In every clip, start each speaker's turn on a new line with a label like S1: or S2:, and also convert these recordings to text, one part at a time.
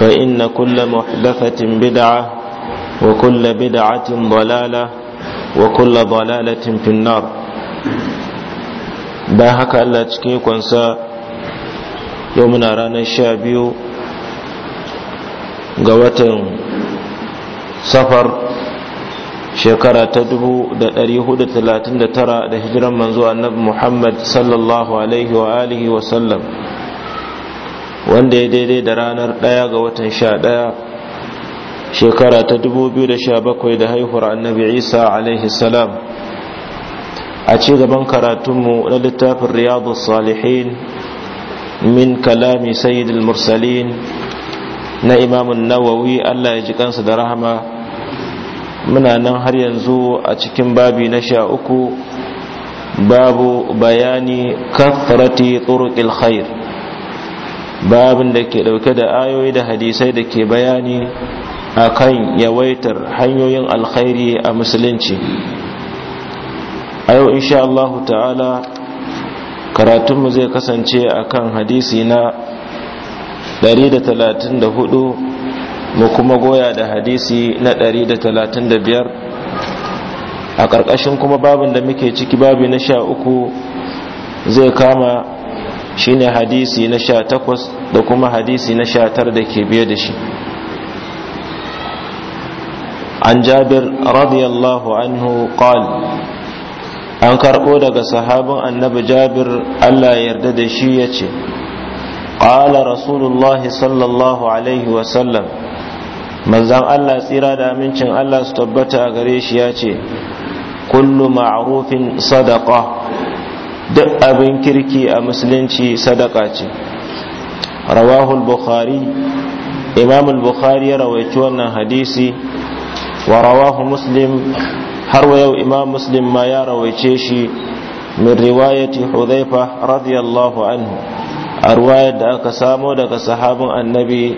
S1: فإن كل محدثة بدعة وكل بدعة ضلالة وكل ضلالة في النار bayan haka Allah cikin ikonsa yau muna ranar sha biyu ga watan safar shekara ta dubu da ɗari hudu talatin da tara da hijiran manzo annabi Muhammad sallallahu alaihi wa alihi wa sallam wanda ya daidai da ranar ɗaya ga watan sha ɗaya shekara ta dubu biyu da sha bakwai da haihuwar annabi isa alaihi salam a ci gaban karatunmu na littafin riyadu salihin min kalami sayyidul mursalin na imamun nawawi allah ya ji kansa da rahama muna nan har yanzu a cikin babi na sha uku babu bayani kafarati turuqil khair babin da ke ɗauke da ayoyi da hadisai da ke bayani a kan yawaitar hanyoyin alkhairi a musulunci a yau insha Allah ta'ala karatunmu zai kasance a kan hadisi na 134 mu kuma goya da hadisi na 135 a ƙarƙashin kuma babin da muke ciki babi na sha uku zai kama shine hadisi na sha takwas da kuma hadisi na sha tar da ke biye da shi an jabir radiyallahu anhu qal an karɓo daga sahabin annabi jabir allah yarda da shi ya ce ƙala rasulullah sallallahu alaihi wasallam manzan allah tsira da amincin allah su tabbata a gare shi ya ce kullu ma'arufin sadaka duk abin kirki a musulunci sadaka ce rawahu bukhari imam al-bukhari ya rawaici wannan hadisi wa rawahu muslim har wa yau imam muslim ma ya rawaice shi min riwayati hudhaifa radiyallahu anhu a ruwayar da aka samo daga sahabin annabi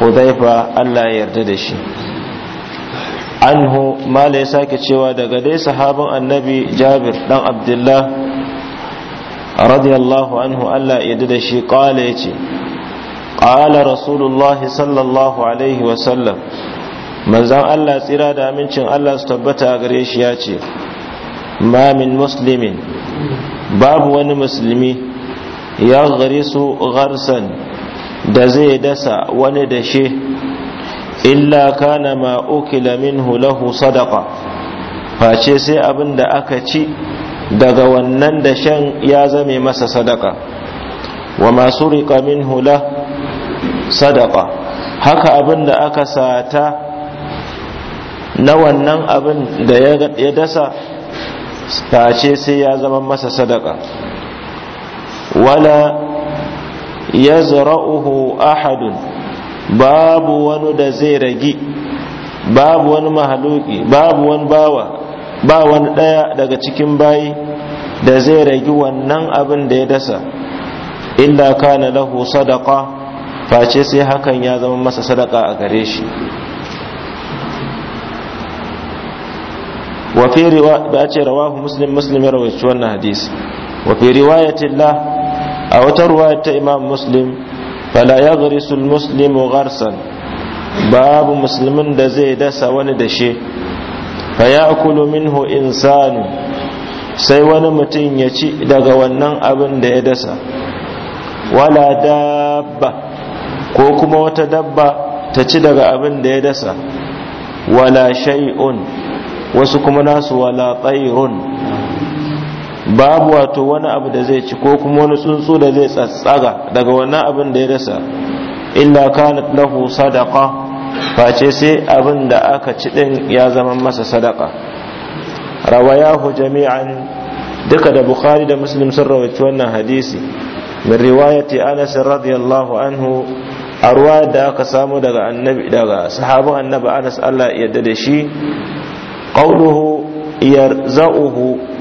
S1: hudhaifa Allah ya yarda da shi anhu ma ya cewa daga dai sahabin annabi jabir dan abdullah radiyallahu anhu Allah ya da shi ya yace ƙala rasulullah sallallahu alaihi wa sallam manzon Allah tsira da amincin Allah su tabbata gare shi yace ma min muslimin babu wani musulmi ya su gharsan da zai dasa wani dashe illa kana ma ukila minhu lahu sadaqa face sai abin da aka ci daga wannan da shan ya zame masa sadaka wa masu riƙa min hula sadaka haka abin da aka sata na wannan abin da ya dasa face sai ya zama masa sadaka wala ya zara'uhu ahadun babu wani da zai ragi babu wani mahaluki babu wani bawa ba wani ɗaya daga cikin bayi da zai ragi wannan abin da ya dasa illa kana lahu sadaka face sai hakan ya zama masa sadaka a gare shi وفي رواية رواه مسلم مسلم يروي شوانا حديث وفي رواية الله أو رواية إمام مسلم فلا يغرس المسلم غرسا باب مسلم دزي دس وندشي fayakulu minhu insanu sai wani mutum ya ci daga wannan abin da ya dasa wala dabba ko kuma wata dabba ta ci daga abin da ya dasa wala shay'un wasu kuma nasu wala tsayirun babu wato wani abu da zai ci ko kuma wani tsuntsu da zai tsatsaga daga wannan abin da ya dasa illa kanat lahu sadaqa face sai abin da aka ci din ya zama masa sadaka rawayahu jami'an duka da bukhari da muslim sun rawaci wannan hadisi min riwayati anas radiyallahu anhu a ruwa da aka samu daga annabi daga sahabin annabi anas Allah ya yarda da shi qauluhu yarza'uhu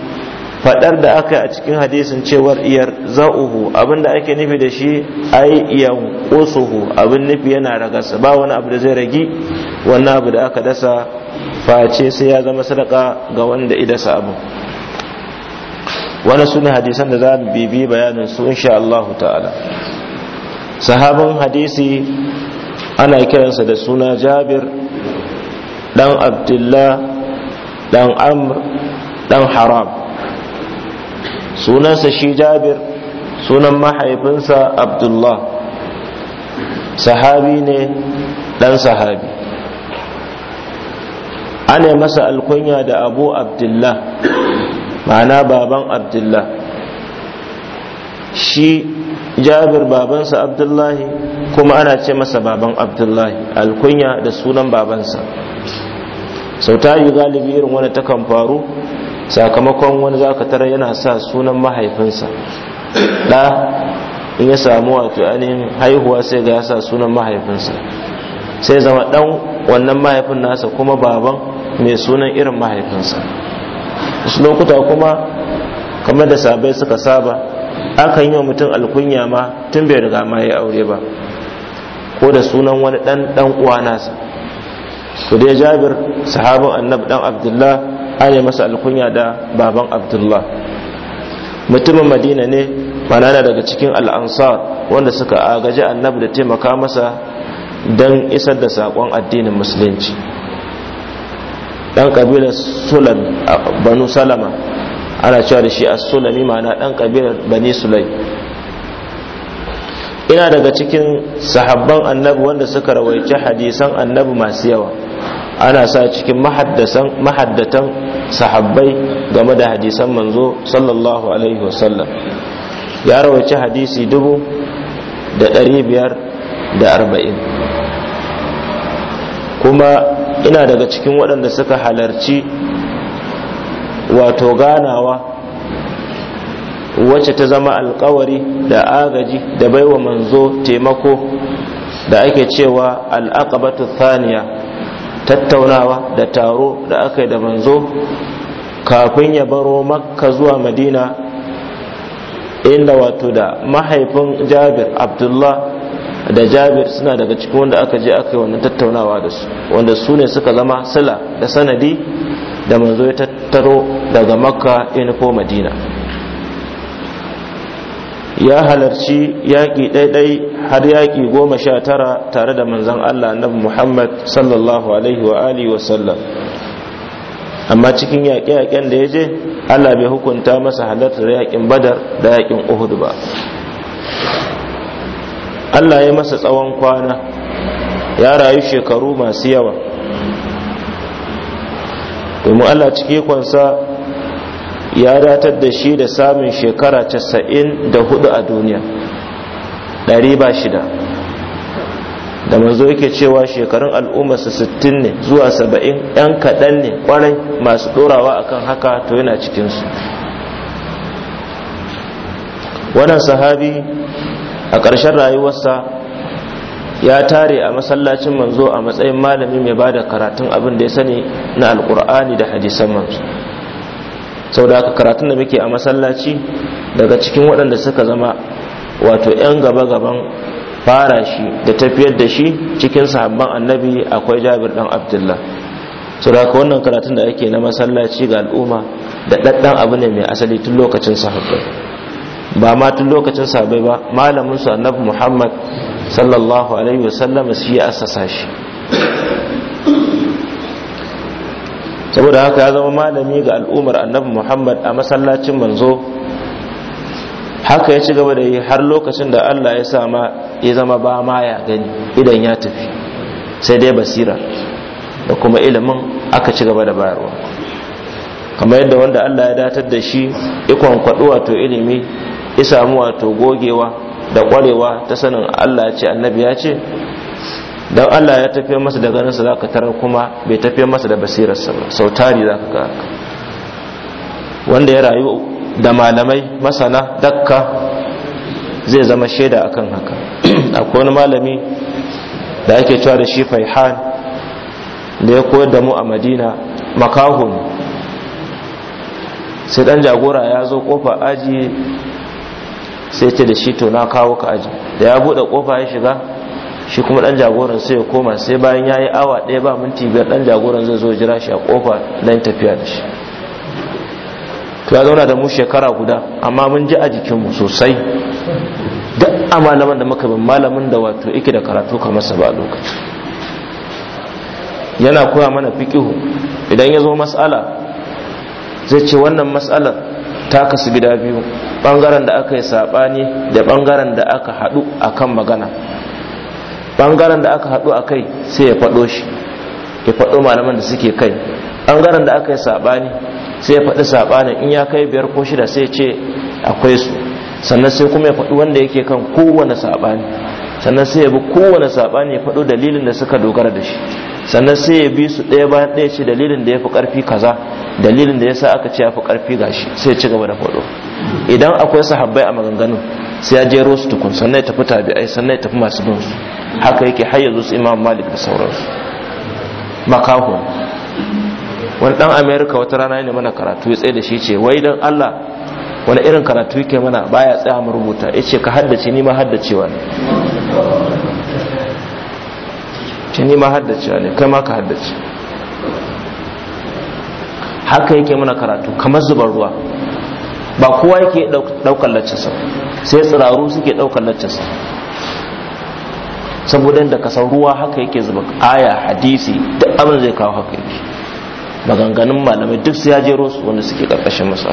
S1: fadar da aka a cikin hadisin cewar iyar za'uhu abinda ake nufi da shi ai iyan qusuhu abin nufi yana ragasa ba wani abu da zai ragi wannan abu da aka dasa face sai ya zama sadaka ga wanda ya sa abu wani sunan hadisan da za mu bibi bayanin su insha Allah ta'ala sahabin hadisi ana kiransa da suna Jabir dan Abdullah dan Amr dan Haram sunansa shi jabir sunan mahaifinsa abdullah sahabi ne ɗan sahabi ana masa alkunya da abu abdullah ma'ana baban abdullah shi jabir babansa abdullahi kuma ana ce masa baban abdullahi alkunya da sunan babansa sau galibi irin wani takan faru sakamakon wani za ka tara yana sa sunan mahaifinsa ɗa in ya samu wato ainihin haihuwa sai ga ya sa sunan mahaifinsa sai zama ɗan wannan mahaifin nasa kuma baban mai sunan irin mahaifinsa wasu lokuta kuma kamar da sabai suka saba akan yi wa mutum alkunya ma tun bai riga ma ya aure ba ko da sunan wani ɗan ɗan uwa nasa Ku dai jabir sahabin annab ɗan abdullah ana masa alkunya da baban abdullah mutumin madina ne manana daga cikin al'ansar wanda suka agaji annabi da taimaka masa don isar da sakon addinin musulunci ɗan ƙabilar sulam banu salama ana cewa da shi a sulami mana ɗan ƙabilar bani sulai ina daga cikin sahabban annabi wanda suka rawaice hadisan annabi masu yawa ana sa cikin mahaddatan sahabbai game da hadisan manzo sallallahu alaihi wasallam ya rawaci hadisi dubu da ɗari biyar da arba'in kuma ina daga cikin waɗanda suka halarci wato ganawa wacce ta zama alƙawari da agaji da baiwa manzo taimako da ake cewa al'aqabatu thaniya tattaunawa da taro da aka yi da manzo kafin ya baro makka zuwa madina inda wato da mahaifin jabir abdullah da jabir suna daga cikin wanda aka je aka yi wannan tattaunawa da su wanda su ne suka zama sila da sanadi da manzo ya tattaro daga makka ya ko madina ya halarci yaƙi ɗaiɗai har yaƙi goma sha tara tare da manzon Allah annabi Muhammad sallallahu alaihi wa wa sallam amma cikin yaƙe-yaƙen da ya je Allah bai hukunta masa halartar yaƙin Badar da yaƙin Uhud ba Allah ya masa tsawon kwana ya rayu shekaru masu yawa domin Allah cike kwansa ya datar da shi da samun shekara casa'in da hudu a duniya ɗari ba shida da manzo yake cewa shekarun al'ummarsa sittin ne zuwa saba'in yan kaɗan ne ƙwarai masu ɗorawa akan haka to yana cikinsu wannan sahabi a ƙarshen rayuwarsa ya tare a masallacin manzo a matsayin malami mai ba da karatun abin da ya sani na alƙur'ani da hadisan manzo saboda haka karatun da muke a masallaci daga cikin waɗanda suka zama wato 'yan gaba-gaban fara shi da tafiyar da shi cikin sahabban annabi akwai jabir ɗan abdullah saboda haka wannan karatun da ake na masallaci ga al'umma da ɗaɗɗan abu ne mai asali tun lokacin sahabbai ba ma tun lokacin sahabbai ba malamin su annabi muhammad sallallahu alaihi wasallam su yi assasa shi saboda haka ya zama malami ga al'ummar annabi muhammad a masallacin manzo haka ya ci gaba da yi har lokacin da allah ya sama ya zama ba ma ya gani idan ya tafi sai dai basira da kuma ilimin aka ci gaba da bayarwa kamar yadda wanda allah ya datar da shi ikon kwaɗo wato ilimi ya samu wato gogewa da ƙwarewa ta sanin allah ce annabi ya ce Don Allah ya tafi masa da ganinsa za ka tarar kuma bai tafi masa da basirarsa ba sau tari za ka ga wanda ya rayu da malamai masana dakka zai zama shaida akan haka akwai wani malami da ake cewa da shi faihan da ya koyar da mu a madina makahun sai dan jagora ya zo kofa aji sai ce da shi to na kawo ka aji da ya buɗe kofa ya shiga shi kuma dan jagoran sai ya koma sai bayan ya yi awa ɗaya ba minti biyar dan jagoran zai zo jira shi a kofa dan tafiya da shi to ya zauna da mu shekara guda amma mun ji a jikinmu sosai duk a malaman da muka bin malamin da wato yake da karatu kamar sa ba lokaci yana koya mana fiqihu idan ya zo mas'ala zai ce wannan mas'alar ta kasu gida biyu bangaren da aka yi sabani da bangaren da aka haɗu akan magana bangaren da aka hadu a kai sai ya faɗo shi ya faɗo malaman da suke kai bangaren da aka yi saɓani sai ya faɗi saɓanin in ya kai biyar ko shida sai ya ce akwai su sannan sai kuma ya faɗi wanda yake kan kowane saɓani sannan sai ya bi kowane saɓani ya faɗo dalilin da suka dogara da shi sannan sai ya bi su ɗaya bayan ɗaya ce dalilin da ya fi ƙarfi kaza dalilin da ya sa aka ce ya fi ƙarfi gashi sai ya ci gaba da faɗo idan akwai sahabbai a maganganu sai ya jero su tukun sannan ya tafi tabi'ai sannan ya tafi masu bin su haka yake har yanzu su imam malik da sauransu makaho wani dan america wata rana ne mana karatu ya tsaye da shi ce wai dan allah wani irin karatu yake mana baya tsaya mu rubuta ya ce ka haddace ni ma haddacewa ne ce ni ma haddace ne kai ma ka haddace haka yake mana karatu kamar zubar ruwa ba kowa yake daukar laccinsa sai tsiraru suke daukar laccinsa saboda da ka san ruwa haka yake zuba aya hadisi duk abin zai kawo haka yake maganganun malamai duk su ya jero su wanda suke karkashin masa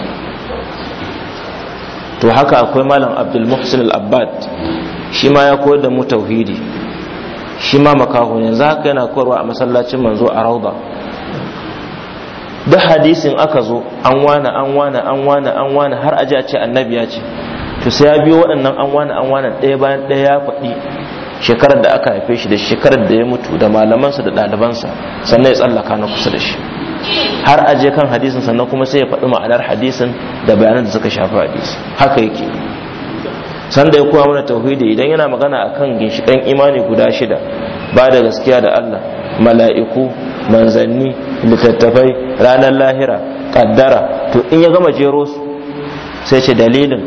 S1: to haka akwai malam abdul muhsin al-abbad shi ma ya koyar da mu tauhidi shi ma makaho za ka yana korwa a masallacin manzo a rauda duk hadisin aka zo an wana an wana an wana an wana har aji a ce annabi ya ce to sai ya biyo waɗannan an wana an wana ɗaya bayan ɗaya ya faɗi shekarar da aka haife shi da shekarar da ya mutu da malamansa da ɗalibansa sannan ya tsallaka na kusa da shi har aje kan hadisin sannan kuma sai ya faɗi ma'anar hadisin da bayanan da suka shafi hadisin haka yake sanda ya koya mana tauhidi idan yana magana akan ginshikan imani guda shida ba da gaskiya da Allah mala'iku manzanni littattafai ranar lahira kaddara to in ya gama jero su sai ce dalilin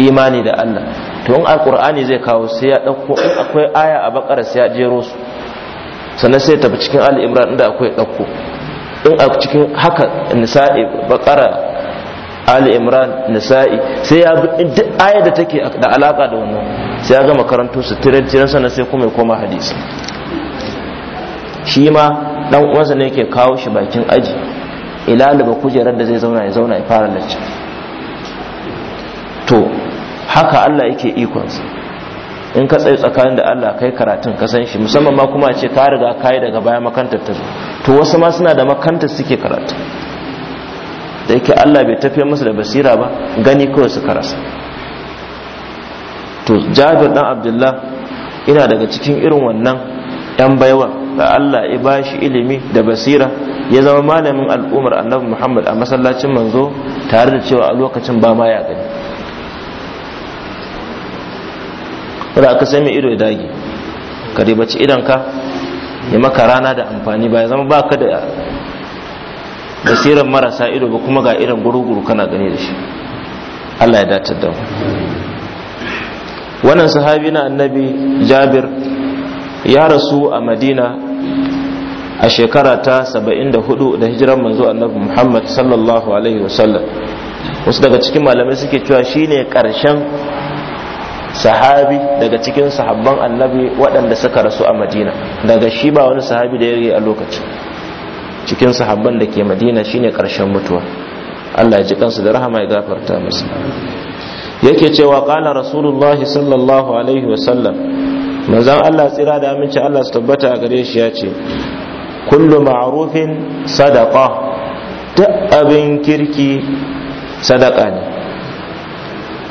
S1: imani da Allah to in alkur'ani zai kawo sai ya ɗauko in akwai aya a bakara sai ya jero su sannan sai tafi cikin al'imran inda akwai ɗauko in a cikin haka nisa'i bakara ali imran nisa'i sai ya duk ayar da take da alaka da wannan sai ya gama karanto su tiran tiran sannan sai kuma ya koma hadisi shi ma dan uwansa ne yake kawo shi bakin aji ba kujerar da zai zauna ya zauna ya fara lacci to haka Allah yake sa in ka tsaye tsakanin da Allah kai karatun ka san shi musamman ma kuma ce ka riga kai daga baya makantar ta to wasu ma suna da makantar suke karatu da yake Allah bai tafi masa da basira ba gani kawai suka rasa to jabir dan abdullah ina daga cikin irin wannan yan baiwa da Allah ya bashi ilimi da basira ya zama malamin al'ummar annabi Muhammad a masallacin manzo tare da cewa a lokacin ba ma ya gani wanda aka sai mai ido ya dage ka bace idan ka ya maka rana da amfani ba ya zama baka da basiran marasa ido ba kuma ga irin guruguru kana gani da shi Allah ya dace da wannan sahabi na annabi jabir ya rasu a madina a shekara ta 74 da hijiran manzo annabi muhammad sallallahu alaihi wasallam wasu daga cikin malamai suke cewa shine karshen sahabi daga cikin sahabban annabi waɗanda suka rasu a madina daga shi ba wani sahabi da ya a lokacin cikin sahabban da ke madina shine karshen mutuwa Allah ya ji kansu da rahama ya gafarta musu yake cewa qala rasulullah sallallahu alaihi wasallam manzon Allah tsira da aminci Allah su tabbata a gare shi ya ce kullu ma'rufin sadaqa ta abin kirki sadaka ne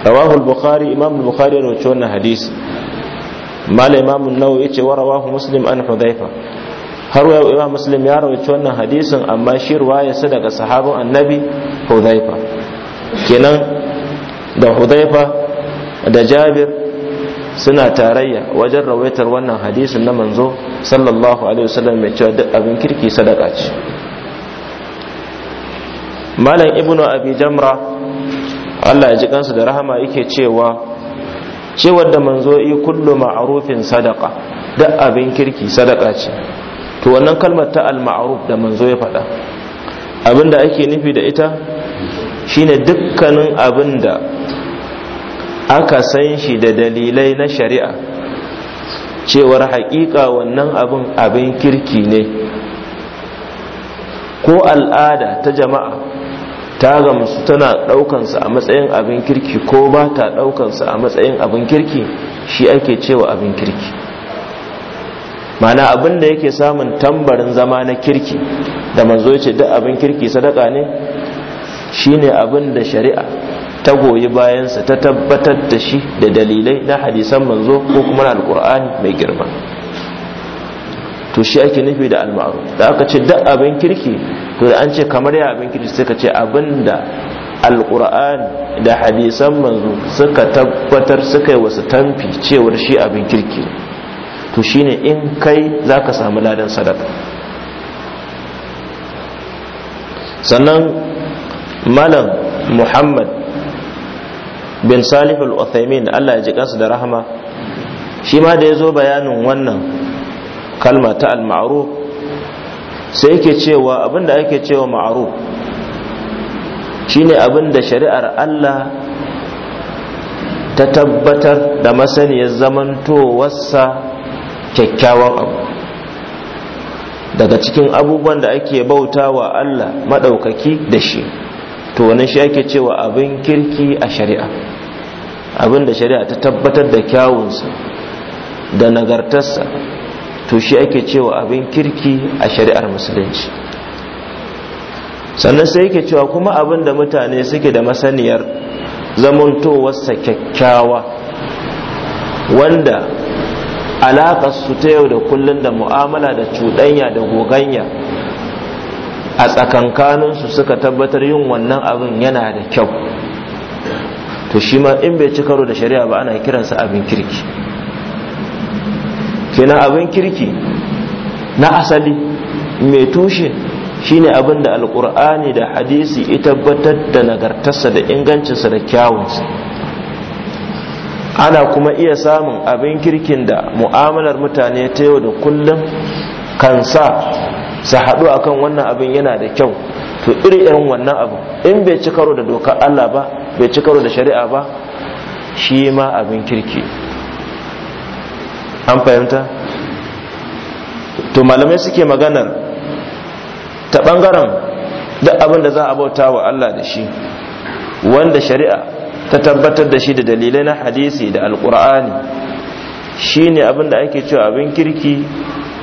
S1: rawahu imam al-bukhari ya rawaito wannan hadisi mala imam an-nawawi wa rawahu muslim an hudhaifa har wa imam muslim ya rawaito wannan hadisin amma shi ruwayarsa daga sahabin annabi hudhaifa kenan da hudhaifa da jabir suna tarayya wajen rawaitar wannan hadisin na manzo sallallahu alaihi wasallam mai cewa duk abin kirki sadaka ce malam ibnu abi jamra Allah ya ji kansa da rahama yake cewa cewar da manzo yi kullu ma'rufin sadaka duk abin kirki sadaka ce to wannan kalmar ta al-ma'ruf da manzo ya faɗa abinda ake nufi da ita shine dukkanin abinda aka san shi da dalilai na shari'a cewar haƙiƙa wannan abin abin kirki ne ko al'ada ta jama'a ta gamsu tana ɗaukansa a matsayin abin kirki ko ba ta ɗaukansa a matsayin abin kirki shi ake cewa abin kirki mana abin da yake samun tambarin zama na kirki da manzo ce duk abin kirki sadaka ne shine abin da shari'a ta goyi bayansa ta tabbatar da shi da dalilai na hadisan manzo ko kuma na alkur'ani mai girma to shi ake nufi da almaru da aka ce duk abin kirki to da an ce kamar ya abin kirki suka ce abin da alkur'ani da hadisan manzo suka tabbatar suka yi wasu tamfi cewar shi abin kirki ne to shine in kai za ka samu ladan sadaka sannan malam muhammad bin salihul uthaymin allah ya ji kansu da rahama shi ma da ya zo bayanin wannan kalma ta al-ma'ruf sai yake cewa abinda ake cewa ma'ruf shine abin da shari'ar allah ta tabbatar da masaniyar zamantowarsa kyakkyawan abu daga cikin abubuwan da ake bauta wa Allah maɗaukaki da shi to wannan shi ake cewa abin kirki a shari'a abin da shari'a ta tabbatar da kyawunsa da nagartarsa to shi ake cewa abin kirki a shari'ar musulunci sannan sai yake cewa kuma abin da mutane suke da masaniyar zamantowarsa kyakkyawa wanda alaƙar su ta yau da kullum da mu'amala da cuɗanya da goganya a tsakankaninsu suka tabbatar yin wannan abin yana da kyau to shi ma in bai ci karo da shari'a ba ana kiransa abin kirki kenan abin kirki na asali mai tushe shine abin da alkur'ani da hadisi ya tabbatar da nagartarsa da ingancinsa da kyawunsa ana kuma iya samun abin kirkin da mu'amalar mutane ta yau da kullum kan sa su haɗu kan wannan abin yana da kyau to iri irin wannan abin in bai ci karo da dokar Allah ba bai ci karo da shari'a ba shi ma abin kirki an fahimta to malamai suke maganar ta ɓangaren duk abin da za a bauta wa Allah da shi wanda shari'a ta tabbatar da shi da dalilai na hadisi da alkur'ani shine abin da ake cewa abin kirki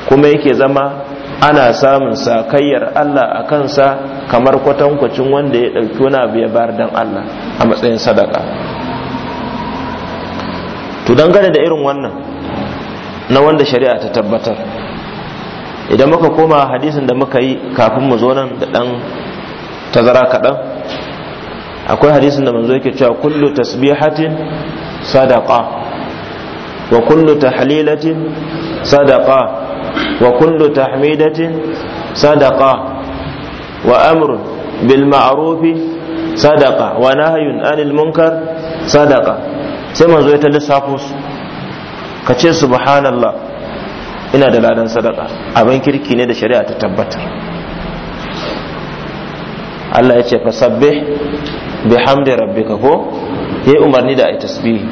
S1: kuma yake zama ana samun sakayyar Allah a kansa kamar kwatankwacin wanda ya ɗauki wani abu ya bayar don Allah a matsayin sadaka to dangane da irin wannan na wanda shari'a ta tabbatar idan muka koma hadisin da muka yi kafin mu zo nan da ɗan tazara kaɗan akwai hadisin da manzo yake cewa kullu tasbihatin sadaqa wa kullu tahlilatin sadaqa wa kullu tahmidatin sadaqa wa amru bil ma'rufi sadaqa wa nahyun anil munkar sadaqa sai manzo ya ta lissafo su ka ce subhanallah ina da ladan sadaka abin kirki ne da shari'a ta tabbatar Allah ya ce fasabbih bihamdi rabbika ko yayi umarni da ai tasbihi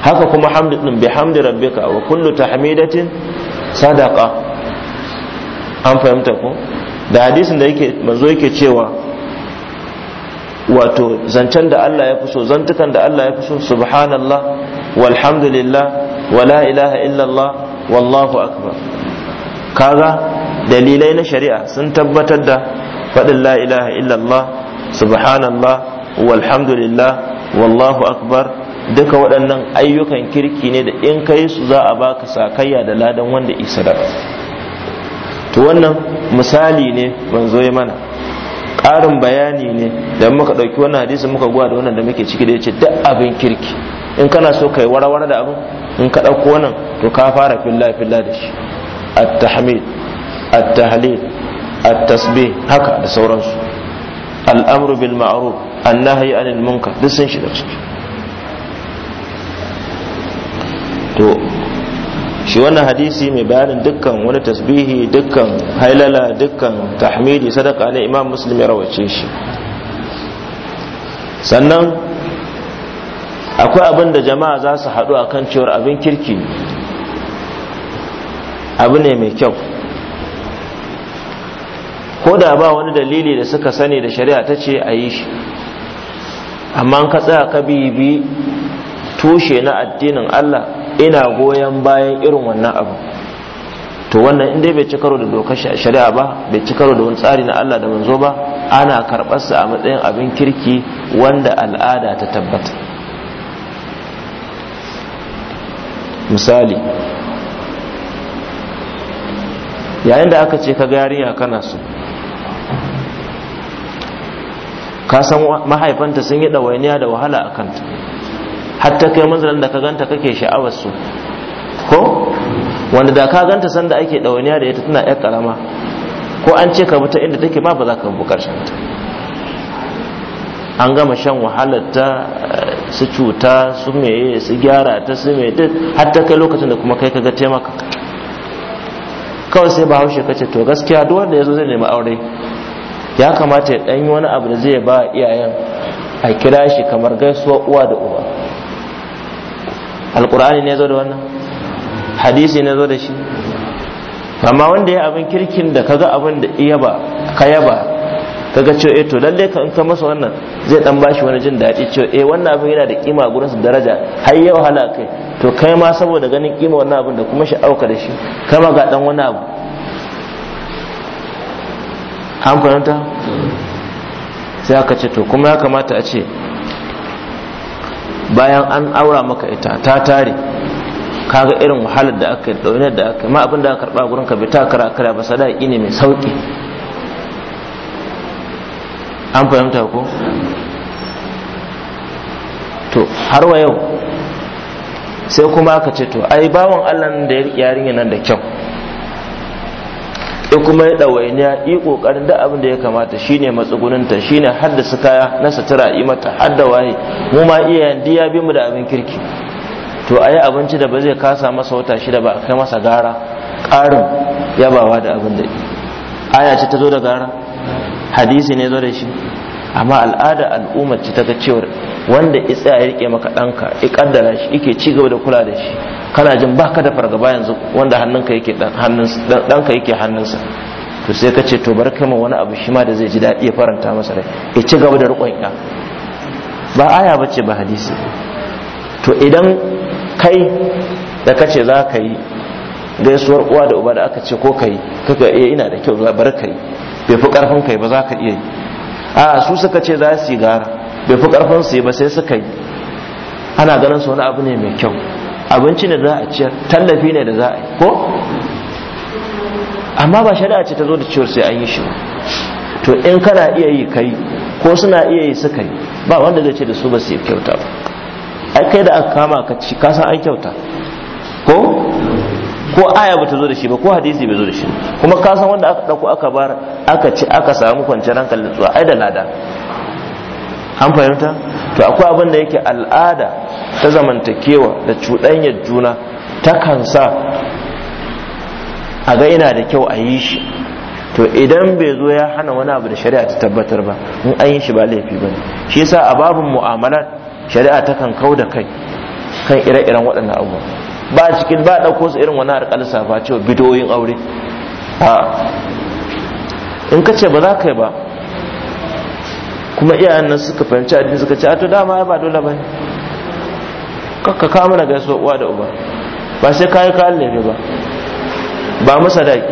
S1: haka kuma hamdu din bihamdi rabbika wa kullu tahmidatin sadaqa an fahimta ko da hadisin da yake manzo yake cewa wato zancen da Allah ya fi so zantukan da Allah ya fi so subhanallah walhamdulillah wa la ilaha illallah wallahu akbar kaga dalilai na shari'a sun tabbatar da faɗin la ilaha illallah subhanallah walhamdulillah wallahu akbar duka waɗannan ayyukan kirki ne da in kai su za a baka sakayya da ladan wanda isa da to wannan misali ne wanzo ya mana ƙarin bayani ne da muka ɗauki wannan hadisi muka guwa da wannan da muke ciki da ya ce duk abin kirki in kana so kai warware da abin in ka ɗauko wannan to ka fara filla filla da shi at-tahmid at-tahlil at-tasbih haka da sauransu al'amru bil ma'ruf annahyi anil munkar duk sun shiga ciki to shi wannan hadisi mai bayanin dukkan wani tasbihi dukkan hailala dukkan tahmidi sadaka ne imam muslim ya rawace shi sannan akwai abinda jama'a za su haɗu a kan cewar abin kirki abu ne mai kyau ko da ba wani dalili da suka sani da shari'a ta ce a yi shi amma ka tsaya ka bibi tushe na addinin Allah ina goyon bayan irin wannan abu to wannan in dai bai ci karo da dokar shari'a ba bai ci karo da wani tsari na Allah da manzo ba ana karɓar sa a matsayin abin kirki wanda al'ada ta tabbata misali yayin da aka ce ka ga yarinya kana so ka san mahaifanta sun yi ɗawainiya da wahala a kanta hatta kai manzalin da ka ganta kake sha'awar su ko wanda da ka ganta sanda ake ɗawainiya da ita tana 'yar ƙarama ko an ce ka bi ta inda take ma ba za ka bi ƙarshen ta an gama shan wahalar ta eh, su cuta su meye su gyara ta su meye duk hatta kai lokacin da kuma kai kaga taimaka kawai sai bahaushe kace to gaskiya duk wanda yazo zai nemi aure ya kamata ya ɗanyi wani abu da zai ba iyayen a kira shi kamar gaisuwa uwa da uba alkur'ani ne zo da wannan hadisi ne zo da shi amma wanda ya abin kirkin da kaga abin da iya ba ka yaba kaga cewa eh to lalle ka in ka masa wannan zai dan bashi wani jin daɗi cewa eh wannan abin yana da kima gurin su daraja har yau wahala kai to kai ma saboda ganin kima wannan abin da kuma sha'auka da shi kama ga dan wani abu an fahimta sai aka ce to kuma ya kamata a ce bayan an aura maka ita ta tare kaga irin wahalar da aka daunar da aka ma abin da aka karba gurin ka bai ta kara kara ba sadaki ine mai sauki an fahimta ko to har wa yau sai kuma aka ce to ai bawan Allah da yarinya nan da kyau ya kuma ya ya yi ƙoƙarin da abin da ya kamata shine matsuguninta shine haddasa kaya na satura yi mata hadda waye mu ma iya duk ya bi mu da abin kirki to a yi abinci da ba zai kasa masa wata shida ba a kai masa gara ƙarin yabawa da abin da aya ce ta zo da gara hadisi ne zo da shi amma al'ada al'ummar ce ta ga cewar wanda itsa ya rike maka ɗanka ya kaddara shi yake ci gaba da kula da shi kana jin baka da fargaba yanzu wanda hannunka yake hannunsa ɗanka yake hannunsa to sai ka ce to bar kai wani abu shi ma da zai ji daɗi ya faranta masa rai ya ci gaba da riƙon ya ba aya ba ce ba hadisi to idan kai da ka za ka yi gaisuwar uwa da uba da aka ce ko ka yi kaka eh, ina da kyau bar ka yi bai fi ƙarfin kai ba za ka iya yi a su suka ce za su yi gara bai fi karfin su yi ba sai suka yi ana ganin su wani abu ne mai kyau abinci ne za a ciyar tallafi ne da za a yi ko amma ba shari'a ce ta zo da ciwar sai an yi shi to in kana iya yi kai ko suna iya yi suka yi ba wanda zai ce da su ba su yi kyauta ba ai kai da aka kama ka ci ka san an kyauta ko ko aya ta zo da shi ba ko hadisi bai zo da shi kuma ka san wanda aka dauko aka bar aka ci aka samu kwanciyar hankalin tsuwa ai da lada an fahimta to akwai abin da yake al'ada ta zamantakewa da cuɗanyar juna takan sa a ga ina da kyau a yi shi to idan bai zo ya hana wani abu da shari'a ta tabbatar ba in an yi shi ba laifi ba shi yasa a babin mu'amalar shari'a takan kau da kai kan ire-iren waɗannan abubuwa ba cikin ba ɗauko su irin wani harkar safa cewa bidoyin aure a in ka ce ba za ka yi ba kuma iyayen nan suka fahimci addini suka ce a to dama ba dole ba ne Ka kama na gaisuwa uwa da uba ba sai ka kayan lebe ba ba masa daki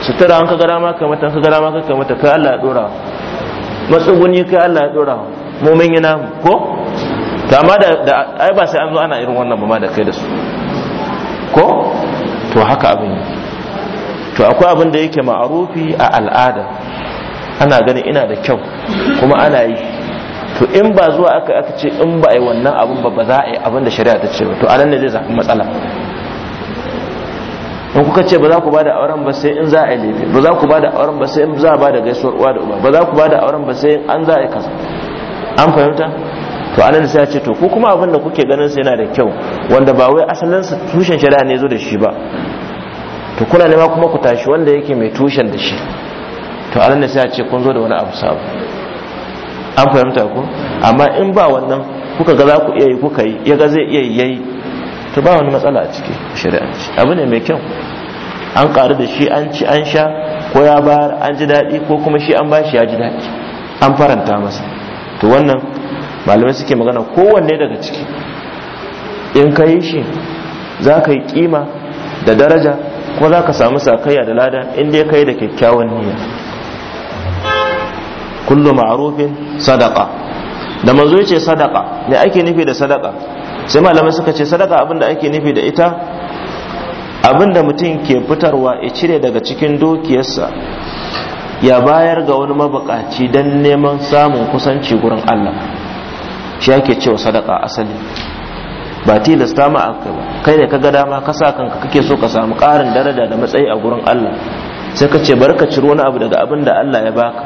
S1: sutura an ka gara ma kamata ka gara ma ka mata kai Allah ya dora matsuguni kai Allah ya dora mumin yana ko to amma da ai ba sai an zo ana irin wannan ba ma da kai da su ko to haka abin to akwai abin da yake ma'arufi a al'ada ana ganin ina da kyau kuma ana yi to in ba zuwa aka aka ce in ba a yi wannan abin ba ba za a yi abin da shari'a ta ce ba to anan ne zai zafi matsala in kuka ce ba za ku bada auren ba sai in za a yi laifi ba za ku bada auren ba sai in za a bada gaisuwar uwa da uba ba za ku bada auren ba sai in an za a yi kaza an fahimta to anan sai ya ce to ko kuma abin da kuke ganin sa yana da kyau wanda ba wai asalin sa tushen shari'a ne zo da shi ba to kuna nema kuma ku tashi wanda yake mai tushen da shi to anan sai ya ce kun zo da wani abu sabu an fahimta ku. amma in ba wannan kuka ga za ku iya yi kuka yi ya ga zai iya yayi to ba wani matsala a ciki shari'a abu ne mai kyau an ƙaru da shi an ci an sha ko ya bayar an ji daɗi ko kuma shi an bashi ya ji daɗi an faranta masa to wannan malamai suke magana kowanne daga ciki in ka yi shi za ka yi kima da daraja ko za ka samu sakayya da lada inda ya kai da kyakkyawan niyya kullu ma'arufin sadaka da manzo ce sadaka ne ake nufi da sadaka sai malamai suka ce sadaka abinda ake nufi da ita Abin da mutum ke fitarwa ya cire daga cikin dokiyarsa ya bayar ga wani mabukaci don neman samun kusanci gurin Allah shi ake cewa sadaka asali ba tilasta ma aka ba kai ne ka ga dama ka sa kanka kake so ka samu ƙarin daraja da matsayi a gurin Allah sai ka ce ka ciro wani abu daga abin da Allah ya baka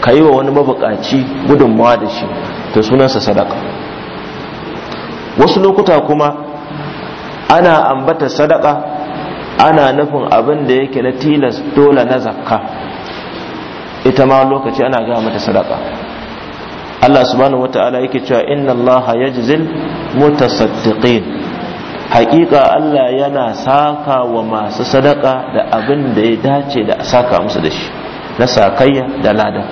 S1: ka yi wa wani mabukaci gudunmawa da shi to sunansa sadaka wasu lokuta kuma ana ambata sadaka ana nufin abin da yake na tilas dole na zakka ita ma lokaci ana gaya mata sadaka Allah subhanahu wata'ala yake cewa inna Allah yajzil mutasaddiqin haƙiƙa Allah yana saka wa masu sadaka da abin da ya dace da saka musu da shi na sakayya da ladan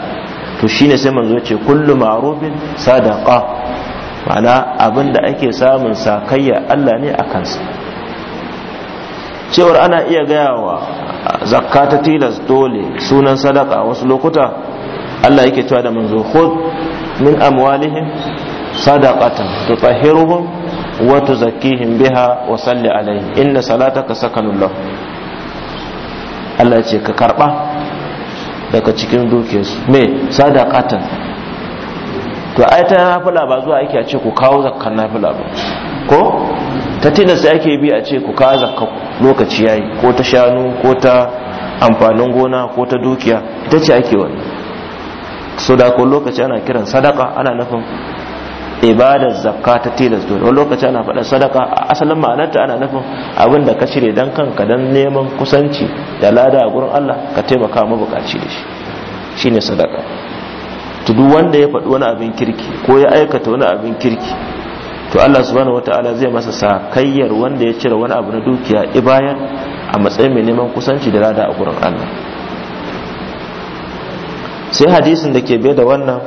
S1: to shine sai manzo ce kullu ma'rufin sadaqa ma'ana abin da ake samun sakayya Allah ne a kansa cewar ana iya gaya wa zakka ta tilas dole sunan sadaka wasu lokuta Allah yake cewa da manzo khudh min amwalihim sadaqatan tutahhiruhum wa tuzakkihim biha wa salli alaihim inna salataka sakanun lahum Allah ce ka karba daga cikin dukiyarsu me sadaqatan to ai ta nafila ba zuwa ake a ce ku kawo zakkan nafila ba ko ta tilasta ake bi a ce ku kawo zakkan lokaci yayi ko ta shanu ko ta amfanin gona ko ta dukiya ita ce ake wani ko lokaci ana kiran sadaka ana nufin ibadar zakka ta tilas dole wani lokaci ana faɗa sadaka a asalin ma'anarta ana nufin abin da ka cire dan kanka dan neman kusanci da lada a gurin Allah ka taimaka mabukaci da shi shine sadaka to duk wanda ya faɗi wani abin kirki ko ya aikata wani abin kirki to Allah subhanahu wataala zai masa sa sakayyar wanda ya cire wani abu na dukiya ibayar a matsayin mai neman kusanci da lada a gurin Allah sai hadisin da ke bai da wannan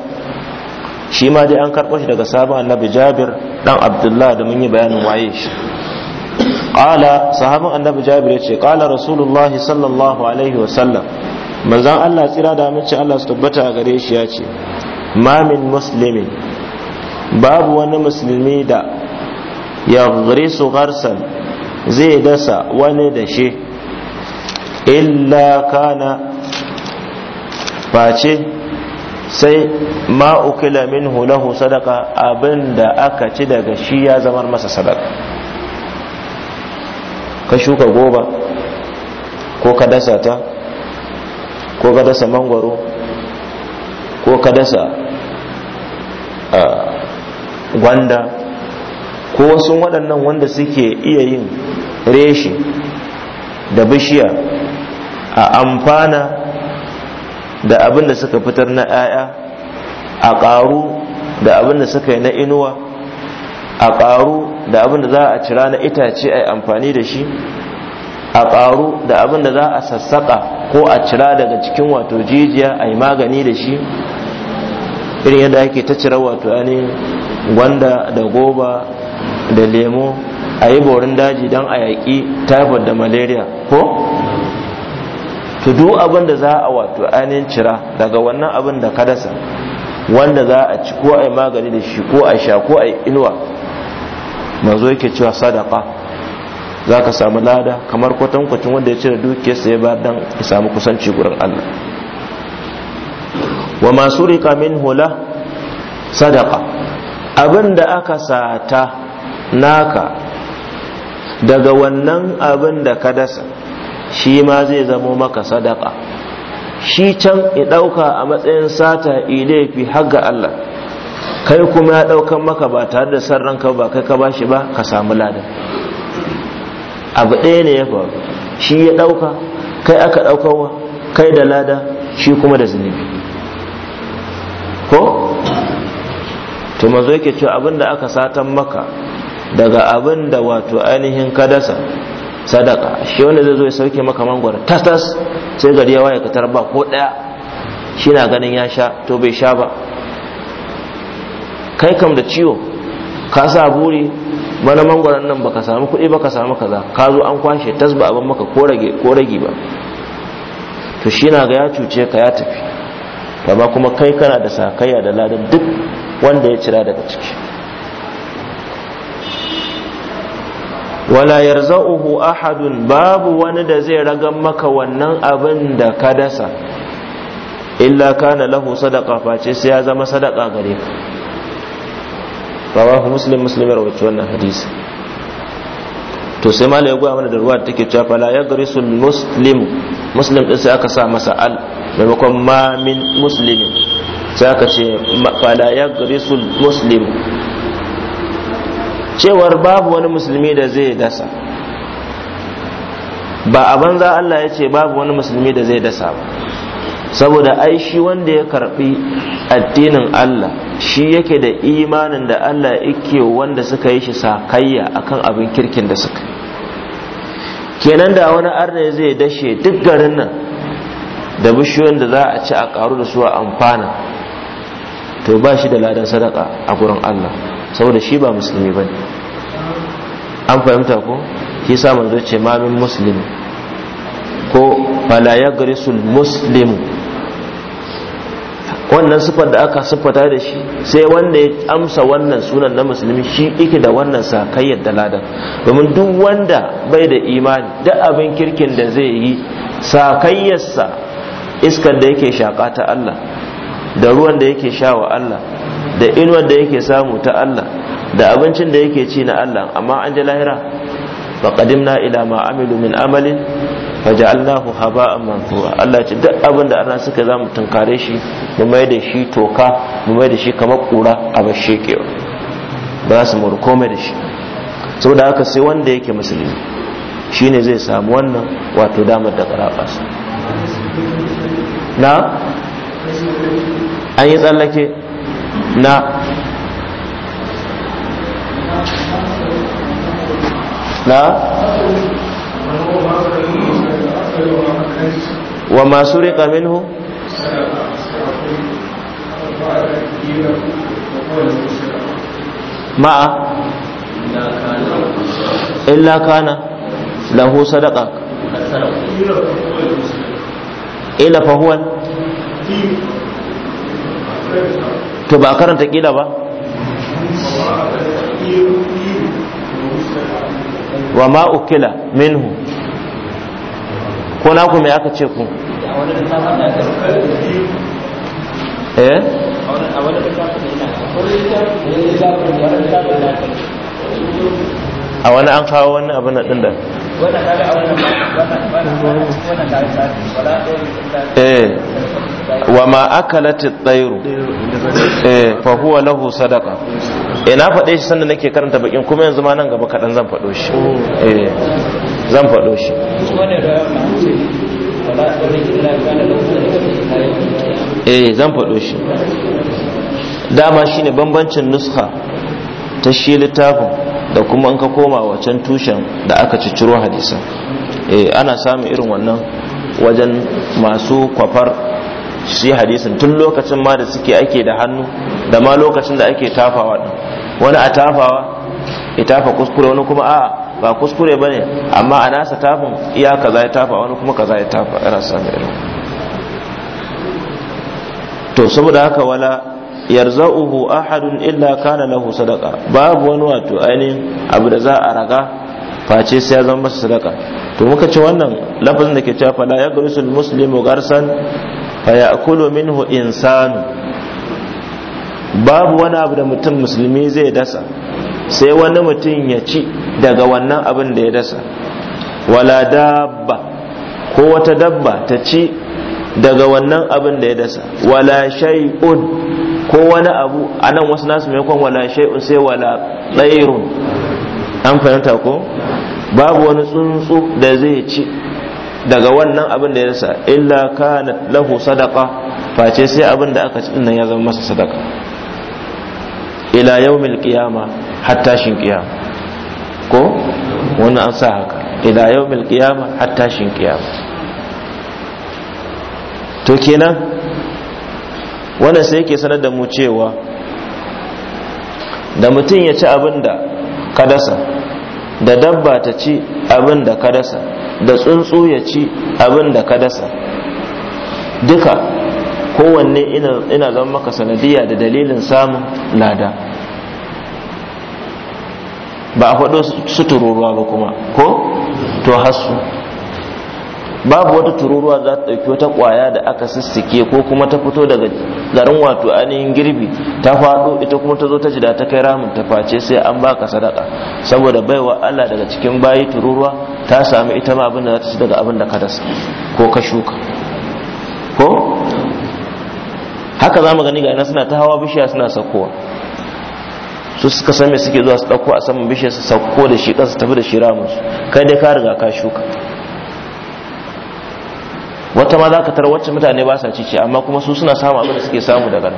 S1: shi ma dai an karɓo shi daga sabon annabi jabir dan abdullah da mun yi bayanin waye shi qala sahabin annabi jabir ya ce ƙala rasulullahi sallallahu alaihi wa sallam manzon Allah tsira da amince Allah su tabbata a gare shi ya ce Mamin musulmi babu wani musulmi da ya su garsan zai dasa wani da shi. illa kana face sai ma ukila minhu lahu sadaka abinda aka ci daga shi ya zamar masa sadaka ka shuka goba ko ka dasa ta ko ka dasa mangwaro ko ka dasa gwanda ko wasu waɗannan wanda suke iya yin reshe da bishiya a amfana da abin da suka fitar na 'ya'ya a ƙaru da abin da suka yi na inuwa a ƙaru da abin da za a cira na itace a amfani da shi a ƙaru da abin da za a sassaƙa ko a cira daga cikin wato jijiya a yi magani da shi irin yadda ake ta cira wato ne gwanda da goba da lemo a yi borin daji don a yaƙi typhoid da malaria ko to duk abin da za a wato ainihin cira daga wannan abin da ka dasa wanda za a ci ko a yi magani da shi ko a sha ko a yi inuwa manzo yake cewa sadaka za ka samu lada kamar kwatan kwatankwacin wanda ya cire dukiyarsa ya ba dan ya samu kusanci gurin Allah wa masu rika min hula sadaka abin da aka sata naka daga wannan abin da ka dasa shi ma zai zamo maka sadaka shi can ya ɗauka a matsayin sata ilaifi har ga Allah kai kuma ya ɗaukan maka ba tare da san ranka ba kai ka bashi ba ka samu ladan abu ɗaya ne ya faru shi ya ɗauka kai aka ɗaukawa kai da lada shi kuma da zunubi ko to mazo yake cewa abin aka satan maka daga abinda wato ainihin ka dasa sadaka shi wanda zai zo ya sauke maka mangwar tas sai gari ya waye ka ba ko daya shi na ganin ya sha to bai sha ba kai kam da ciwo ka sa buri bana mangwaron nan baka samu kuɗi ka samu kaza ka zo an kwashe tas ba abin maka ko rage ba to shi na ga ya cuce ka ya tafi amma kuma kai kana da sakayya da ladan duk wanda ya cira daga ciki wala yarza'uhu ahadun babu wani da zai ragan maka wannan abin da ka dasa illa kana lahu sadaqa face sai ya zama sadaqa gare ka rawahu muslim muslim rawaci wannan hadisi to sai malai ya mana da ruwa da take cewa fala yagrisul muslim muslim din sai aka sa masa al maimakon ma min muslimin sai aka ce fala yagrisul muslim cewar babu wani musulmi da zai dasa ba a banza Allah ya ce babu wani musulmi da zai dasa ba saboda ai shi wanda ya karbi addinin Allah shi yake da imanin da Allah yake wanda suka yi shi sakayya akan abin kirkin da suka kenan da wani arna zai dashe duk garin nan da bishiyoyin da za a ci a karu da su a amfana to ba shi da ladan sadaka a gurin Allah saboda shi ba musulmi bane an fahimta ko shi yasa manzo ce ma min muslim ko fala garisul muslimu wannan sifar da aka siffata da shi sai wanda ya amsa wannan sunan na musulmi shi ike da wannan sa kai yadda ladan domin duk wanda bai da imani duk abin kirkin da zai yi sa sakayyarsa iskar da yake shaƙa ta Allah da ruwan da yake sha wa Allah da inuwar da yake samu ta Allah da abincin da yake ci na Allah amma an ji lahira fa qadimna ila ma min amalin Allahu haba'an manthura Allah ce duk abin da ana suka zamu tunkare shi mu mai da shi toka mu mai da shi kamar ƙura a bashe kewa ba su mu komai da shi saboda haka sai wanda yake musulmi shine zai samu wannan wato damar da karabas na an yi tsallake na na wa masu rika minhu ma'a illa kana lahu sadaqa illa fahuwan to ba karanta kila ba wa ma ukila minhu ko na ku me aka ce ku eh? a wani an kawo wani abin na ɗin da eh. wa ma akalatit tsairu eh, fa huwa lahu sadaqa ina eh, faɗe shi sanda nake karanta bakin kuma yanzu ma nan gaba kaɗan zan faɗo shi eh, zan faɗo shi eh zan faɗo shi dama shine bambancin nuskha ta shi littafin da kuma an ka koma wacan tushen da aka cicciro hadisan eh ana samun irin wannan wajen masu kwafar shi hadisin tun lokacin ma da suke ake da hannu da ma lokacin da ake tafawa din wani a tafawa ya tafa kuskure wani kuma a'a ba kuskure bane amma a nasa tafin iya kaza ya tafa wani kuma kaza ya tafa ana samun irin to saboda haka wala yarza'uhu ahadun illa kana lahu sadaka babu wani wato ainihin abu da za a raga face sai ya zama masa sadaka to muka ci wannan lafazin da ke cewa fala ya muslimu garsan fayakulu minhu insanu babu wani abu da mutum musulmi zai dasa sai wani mutum ya ci daga wannan abin da ya dasa wala dabba ko wata dabba ta ci daga wannan abin da ya dasa wala shay'un ko wani abu anan wasu nasu kwan wala shay'un sai wala tsairun an fahimta ko babu wani tsuntsu da zai ci daga wannan abin da ya rasa illa kana lahu sadaqa face sai abin da aka ci nan ya zama masa sadaka ila yawmil qiyama hatta shin qiyama ko wannan an sa haka ila yawmil qiyama hatta shin qiyama to kenan wannan sai yake sanar da mu cewa da mutum ya ci abin da ka dasa da dabba ta ci abin da ka dasa da tsuntsu ya ci abin da ka dasa duka kowanne ina zan maka sanadiyya da dalilin samun lada ba a faɗo su ba kuma ko to hasu babu wata tururuwa za ta ɗauki wata ƙwaya da aka sissike ko kuma ta fito daga garin wato ainihin girbi ta faɗo ita kuma ta zo ta jida ta kai ramin ta face sai an baka sadaka saboda baiwa Allah daga cikin bayi tururuwa ta sami ita ma abin da za ta ci daga abin da ka dasa ko ka shuka ko haka za mu gani ga suna ta hawa bishiya suna saukowa su suka san me suke zuwa su dauko a saman bishiya su sauko da shi ƙasa tafi da shi ramin su kai dai ka riga ka shuka wata ma za ka tara wacce mutane ba sa cici amma kuma su suna samu abin da suke samu da nan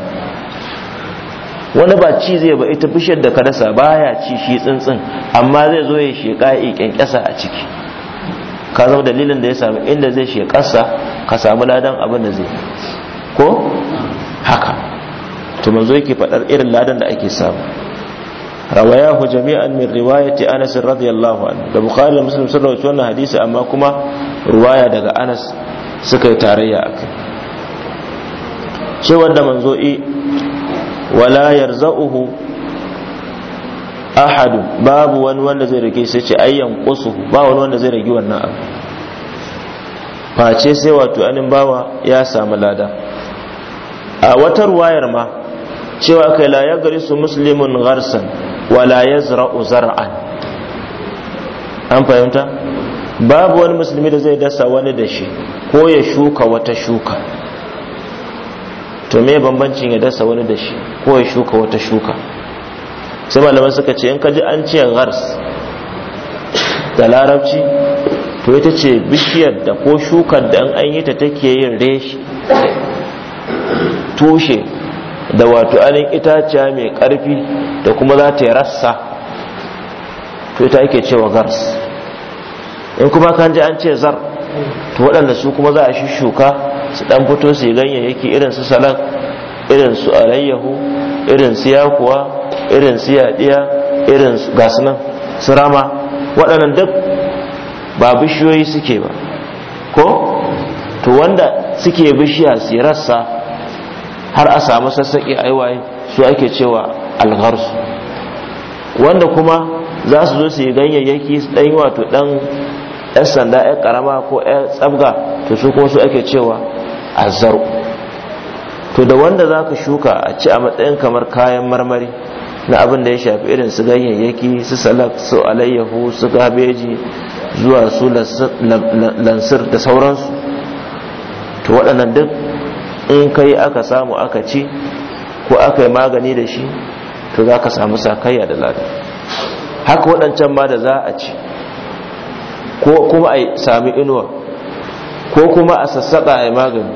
S1: wani ba ci zai ba ita bishiyar da ka dasa baya ci shi tsintsin amma zai zo ya sheƙa ya a ciki ka zama dalilin da ya samu inda zai sheƙarsa ka samu ladan abin da zai ko haka to manzo yake faɗar irin ladan da ake samu rawayahu jami'an min riwayati Anas radiyallahu anhu da Bukhari da Muslim sun rawaito wannan hadisi amma kuma ruwaya daga Anas suka yi tarayya a kai cewar da manzo'i wala yarza'uhu ahadu babu wani wanda zai rage sai ce ayyan kusu ba wani wanda zai rage wannan abu face sai wato anin bawa ya samu lada a wata ruwayar ma cewa kai la su muslimun gharsan wala yazra'u zar'an an fahimta babu wani musulmi da zai dasa wani da shi ko ya shuka wata shuka to me bambancin ya dasa wani da shi ko ya shuka wata shuka sai malaman suka ce in ka ji an ce gars da larabci to ita ce bishiyar da ko shukar da an yi ta take yin reshi tushe da wato anin itaciya mai karfi da kuma za ta yi rassa to ita ake cewa gars in kuma kan ji an ce zar to waɗanda su kuma za a shuka su ɗan fito su yi ganyayyaki irin su salak irin su alayyahu irin su yakuwa irin su yaɗiya irin su gasunan su rama waɗannan duk ba bishiyoyi suke ba ko to wanda suke bishiya su rassa har a samu sassaƙi aiwaye su ake cewa alharsu wanda kuma za su zo su yi ganyayyaki su ɗan yi wato ɗan yan sanda yan karama ko yan tsabga to su kuma su ake cewa azar to da wanda za ka shuka a ci a matsayin kamar kayan marmari na abin da ya shafi irin su ganyayyaki su salak su alayyahu su gabeji zuwa su lansir da sauransu to waɗannan duk in ka yi aka samu aka ci ko aka yi magani da shi to za ka samu sakayya da lada haka waɗancan ma da za a ci ko kuma a sami inuwa ko kuma a sassaɓa a magani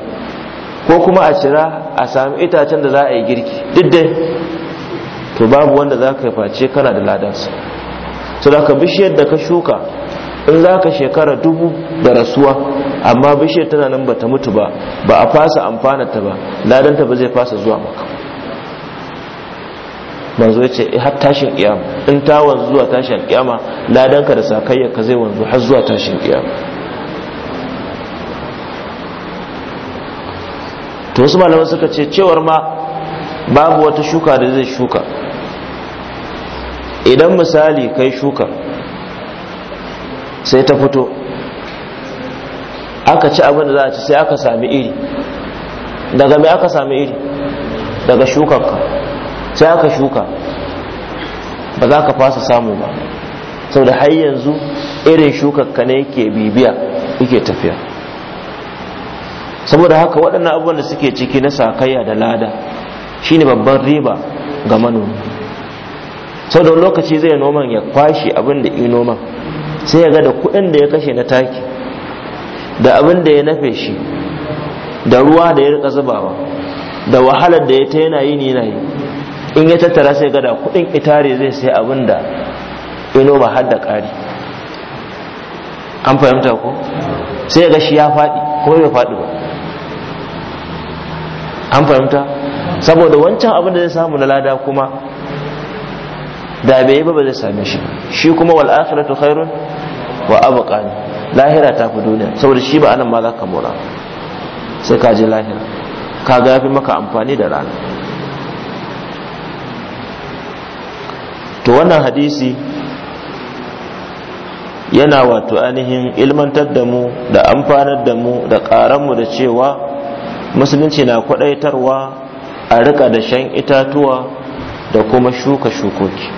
S1: ko kuma a cira a sami itacen da za a yi girki duk dai to babu wanda za ka yi face kana da ladansa su da ka bishiyar da ka shuka in za ka shekara dubu da rasuwa amma bishiyar tana nan ba ta mutu ba ba a fasa amfana ba ladanta ba zai fasa zuwa maka manzo ya ce eh, har tashin kiyama in ta wanzu zuwa tashin kiyama ladanka da sakayyar ka zai wanzu har zuwa tashin kiyama to wasu malamai suka ce cewar ma babu wata shuka da zai shuka idan misali kai shuka sai ta fito aka ci abin da za a ci sai aka sami iri daga mai aka sami iri daga shukanka sai aka shuka ba za ka fasa samu ba da har yanzu irin shukar ka ne ke bibiya yake tafiya saboda haka waɗannan abubuwan da suke ciki na sakayya da lada shine babban riba ga manomi sau da lokaci zai noman ya kwashe abin da noman sai ya ga da kuɗin da ya kashe na taki da abin da ya nafe shi da ruwa da ya rika zubawa da wahalar da ya ta yana yi ne yana in ya tattara sai gada kudin itare zai sai abin da ino ba har da ƙari an fahimta ko sai ga shi ya faɗi ko bai faɗi ba an fahimta saboda wancan abin da zai samu na lada kuma da bai ba ba zai same shi shi kuma wal akhiratu khairun wa abqa lahira ta fi duniya saboda shi ba anan ma za ka mora sai ka je lahira ka ga yafi maka amfani da rana to wannan hadisi yana wato ainihin ilmantar da mu da amfanar da mu da ƙaranmu da cewa musulunci na kwaɗaitarwa a riƙa da shan itatuwa da kuma shuka shukoki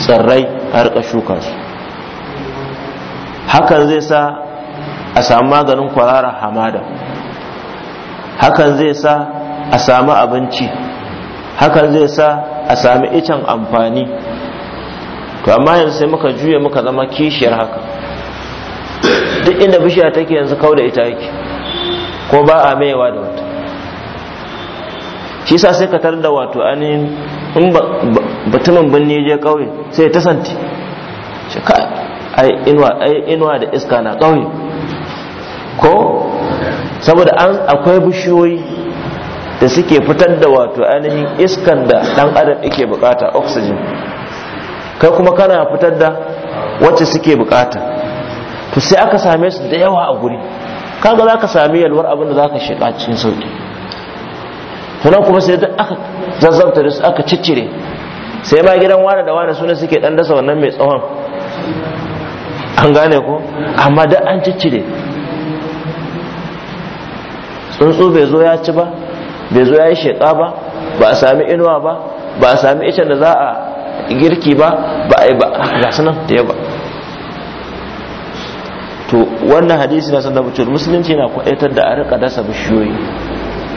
S1: tsirrai a riƙa shuka su hakan zai sa a samu maganin kwarara hamada hakan zai sa a samu abinci hakan zai sa a sami icen amfani to amma yanzu sai muka juya muka zama kishiyar haka duk inda bishiya take yanzu kawo da ita yake ko ba a maiwa da wata shi sa sai ka tar da wato ainihin in batumin birni je kauye sai ta santi shi ka ai inuwa da iska na kauye ko saboda akwai bishiyoyi da suke fitar da wato ainihin iskan da dan adam yake bukata oxygen kai kuma kana fitar da wacce suke bukata to sai aka same su da yawa a guri kaga za ka sami yalwar abin da za ka shiga cikin sauki tunan kuma sai duk aka zazzabta da su aka ciccire sai ma gidan wane da wane suna suke dan dasa wannan mai tsawon an gane ko amma duk an ciccire tsuntsu bai zo ya ci ba bai zo ya yi sheƙa ba ba a sami inuwa ba ba a sami icen da za a girki ba ba a yi ba ga nan da yaba to wannan hadisi na sanda mutum musulunci na kwaɗaitar da a rika dasa bishiyoyi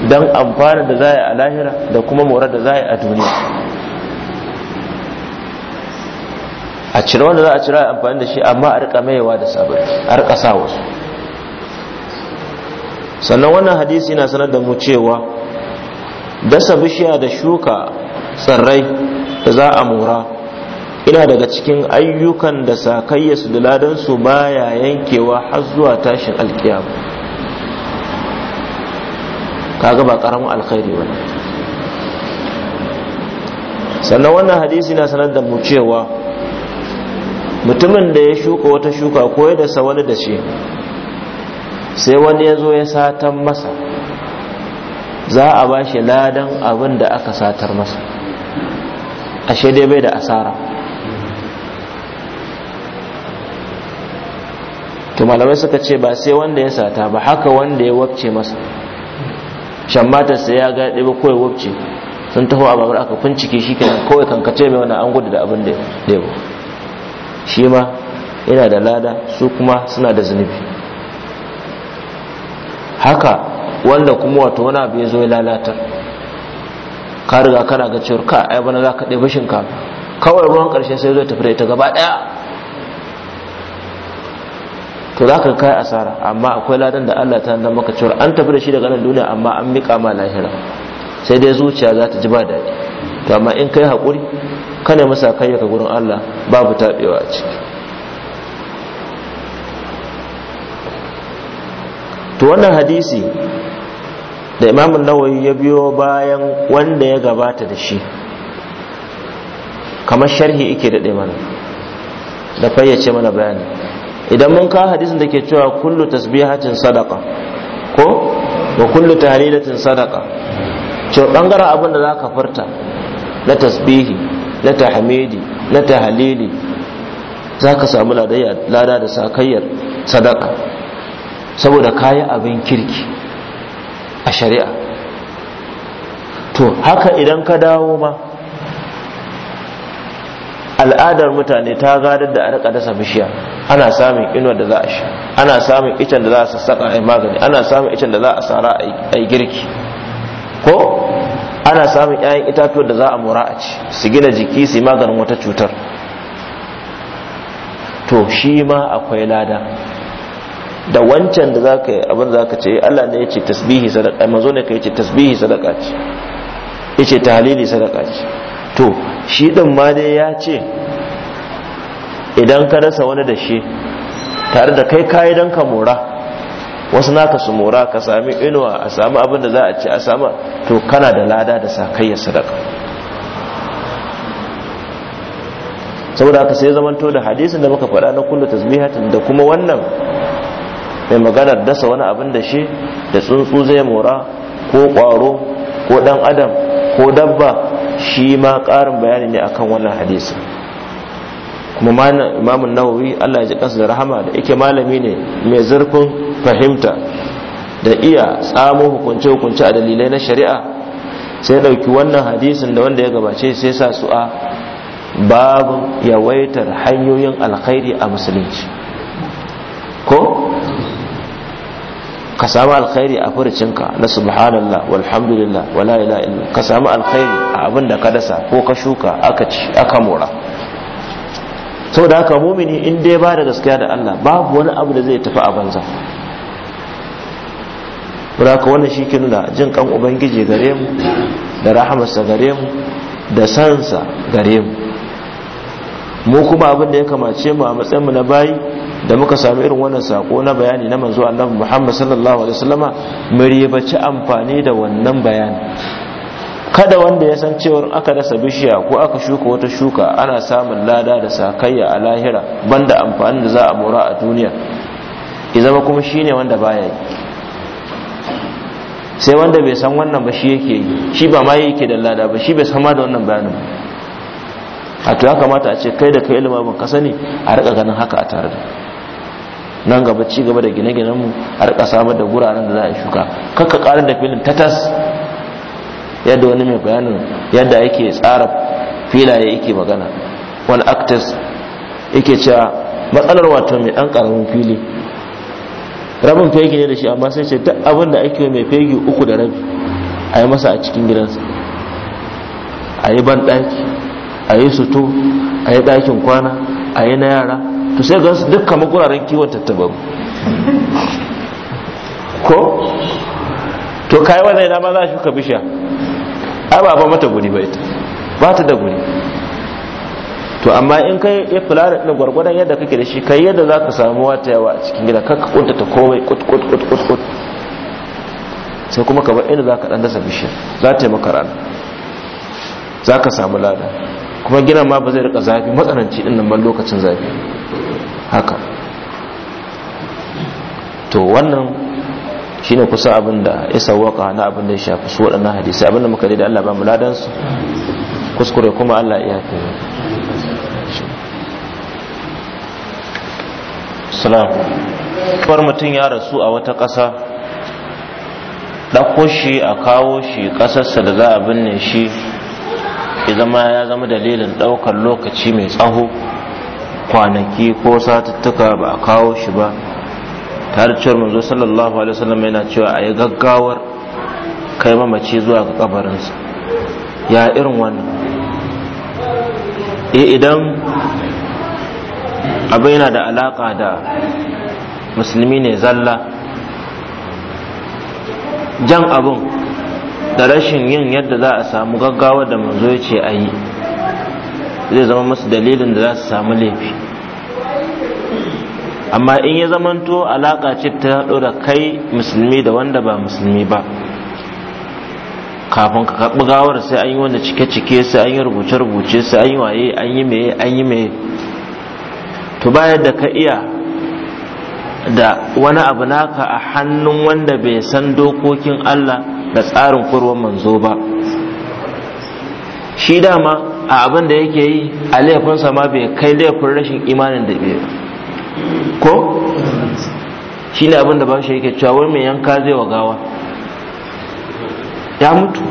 S1: don amfana da za a yi a lahira da kuma morar da za a yi a duniya a cire wanda za a cire a amfani da shi amma a rika maiwa da sabon a rika sa wasu sannan wannan hadisi na sanar da mu cewa dasa bishiya da shuka tsirrai da za a mora ina daga cikin ayyukan da sakayya su da ladansu baya yankewa har zuwa tashin alkiyama kaga ba karamin alkhairi ba sannan wannan hadisi na sanar da mu cewa mutumin da ya shuka wata shuka ko ya dasa wani da shi sai wani ya zo ya satan masa za a ba shi ladan abin da aka satar masa ashe dai bai da asara to malamai suka ce ba sai wanda ya sata ba haka wanda ya wabce masa shammatarsa ya ga ɗaya ko ya wabce sun taho a babar aka fincike shi kenan kawai kankace mai wani an gudu da abin da ya shi ma yana da lada su kuma suna da zunubi haka wanda kuma wato wani abu ya zo ya lalata ka riga kana ga cewar ka ai bana za ka ɗaya bashin ka kawai ruwan ƙarshe sai zo tafi da ita gaba ɗaya to za ka kai asara amma akwai ladan da Allah ta nan maka cewar an tafi da shi daga nan duniya amma an miƙa ma lahira sai dai zuciya za ta ji ba daɗi to amma in kai haƙuri ka nemi sakayya ka gurin Allah babu taɓewa a ciki to wannan hadisi da imamun nawayi ya biyo bayan wanda ya gabata da shi kamar sharhi ike daɗe mana da fayyace mana bayani idan mun kawo hadisin da ke cewa kullu tasbihatin sadaka ko wa kullu tahlilatin sadaka ce bangaren abin da zaka furta na tasbihi na tahmidi na tahlili zaka samu lada da sakayyar sadaka saboda kayi abin kirki a shari'a to haka idan ka dawo ma al'adar mutane ta gadar da a rika dasa bishiya ana samun inuwar da za a sha ana samun icen da za a sassaƙa a magani ana samun icen da za a sara a girki ko ana samun 'ya'yan itatuwar da za a mura a ci su gina jiki su yi maganin wata cutar to shi ma akwai lada da wancan da zaka yi abin zaka ce eh, Allah ne yace tasbihi sadaka eh, manzo ne kai ce tasbihi sadaka ce yace tahlili sadaka ce to shi din ma dai ya ce idan ka rasa wani da shi tare da kai kayi dan ka mora wasu naka su mora ka sami inuwa a sami abin da za a ci a sami to kana da lada da sakayya sadaka saboda haka sai zamanto da hadisin da muka faɗa na kullu tasbihatin da kuma wannan mai maganar dasa wani abin da shi da tsuntsu zai mora ko ƙwaro ko ɗan adam ko dabba shi ma karin bayani ne akan wannan hadisi kuma imamun nawawi allah ya ji kansa da rahama da yake malami ne mai zurfin fahimta da iya tsamo hukunce-hukunce a dalilai na shari'a sai ɗauki wannan hadisin da wanda ya gabace sai sa su a babu yawaitar hanyoyin alkhairi a musulunci ko ka samu alkhairi a furcinka na subhanallah walhamdulillah wala ila illa ka samu alkhairi a abin da ka dasa ko ka shuka aka ci aka mora da haka mumini in dai ba da gaskiya da Allah babu wani abu da zai tafi a banza Bura ka wannan shi ke nuna jin kan ubangiji gare mu da rahamarsa gare mu da sansa gare mu mu kuma abin da ya kamace mu a matsayin mu na bayi da muka samu irin wannan sako na bayani na manzo Allah Muhammad sallallahu alaihi wasallama ci amfani da wannan bayani kada wanda ya san cewar aka rasa bishiya ko aka shuka wata shuka ana samun lada da sakayya a lahira banda amfanin da za a mora a duniya ya zama kuma shine wanda baya yi sai wanda bai san wannan ba shi yake yi shi ba ma yake da lada ba shi bai san ma da wannan bayanin ba a to ya kamata a ce kai da kai ilimin ka sani a riƙa ganin haka a tare da nan gaba ci gaba da gine-ginen mu a rika samar da guraren da za a shuka kakka karin da filin tatas yadda wani mai bayanin yadda yake tsara filaye yake magana wani actus yake cewa matsalar wato mai dan karamin fili rabin fegi ne da shi amma sai ce duk abin da ake mai fegi uku da rabi a yi masa a cikin gidansa a yi ban ɗaki a yi suto a yi ɗakin kwana a yi na yara to sai ga duk kamar kiwon tattabaru ko to kai wannan ina ma za shi ka bishiya ai ba ba mata guri ba ita ba ta da guri to amma in kai ya fulani da gwargwadon yadda kake da shi kai yadda za ka samu wata yawa a cikin gida kakka kunta ta komai kut kut kut kut kut sai kuma ka bar inda za ka dan dasa bishiyar za ta yi maka rana za ka samu lada kuma gina ma ba zai rika zafi matsananci din nan ban lokacin zafi haka to wannan shine kusa abin da ya sawwaka na abin da ya shafi su waɗannan hadisi abin da muka da Allah ba mu su kuskure kuma Allah ya fi salam bar mutum ya rasu a wata ƙasa ɗauko shi a kawo shi ƙasarsa da za a binne shi zama ya zama dalilin ɗaukar lokaci mai tsaho kwanaki ko satuttuka ba a kawo shi ba tare cewar manzo sallallahu alaihi wasallam yana cewa a yi gaggawar kai mamaci zuwa ga kabarinsa ya irin wannan e idan abu yana da alaka da musulmi ne zalla jan abun da rashin yin yadda za a samu gaggawa da manzo ya ce a yi zai zama masu dalilin da za su samu laifi amma in ya zamanto alaƙa ce ta da kai musulmi da wanda ba musulmi ba kafin ka karɓi gawar sai an yi wanda cike-cike sai an yi rubuce-rubuce sai an yi waye an yi mai an yi mai to bayan da ka iya da wani abu naka a hannun wanda bai san dokokin Allah da tsarin kurwan manzo ba shi dama a abin da yake yi a laifinsa ma bai kai laifin rashin imanin da bai ko shi ne abin da ba shi yake cewa wani mai yanka zai wa gawa ya mutu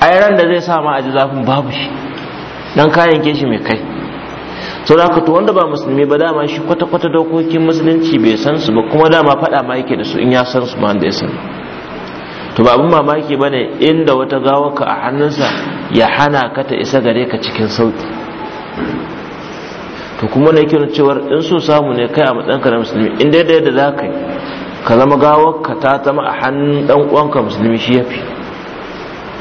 S1: ai ran da zai sa ma a ji zafin babu shi don kayan ke shi mai kai sau da to wanda ba musulmi ba dama shi kwata-kwata dokokin musulunci bai san su ba kuma dama faɗa ma yake da su in ya san su ma da ya san to ba abin mamaki ba ne inda wata gawaka a hannunsa ya hana ka ta isa gare ka cikin sauki to kuma na kiran cewar in so samu ne kai a matsayinka na musulmi in daidai da za ka yi ka zama gawaka ta zama a hannun ɗan uwanka musulmi shi ya fi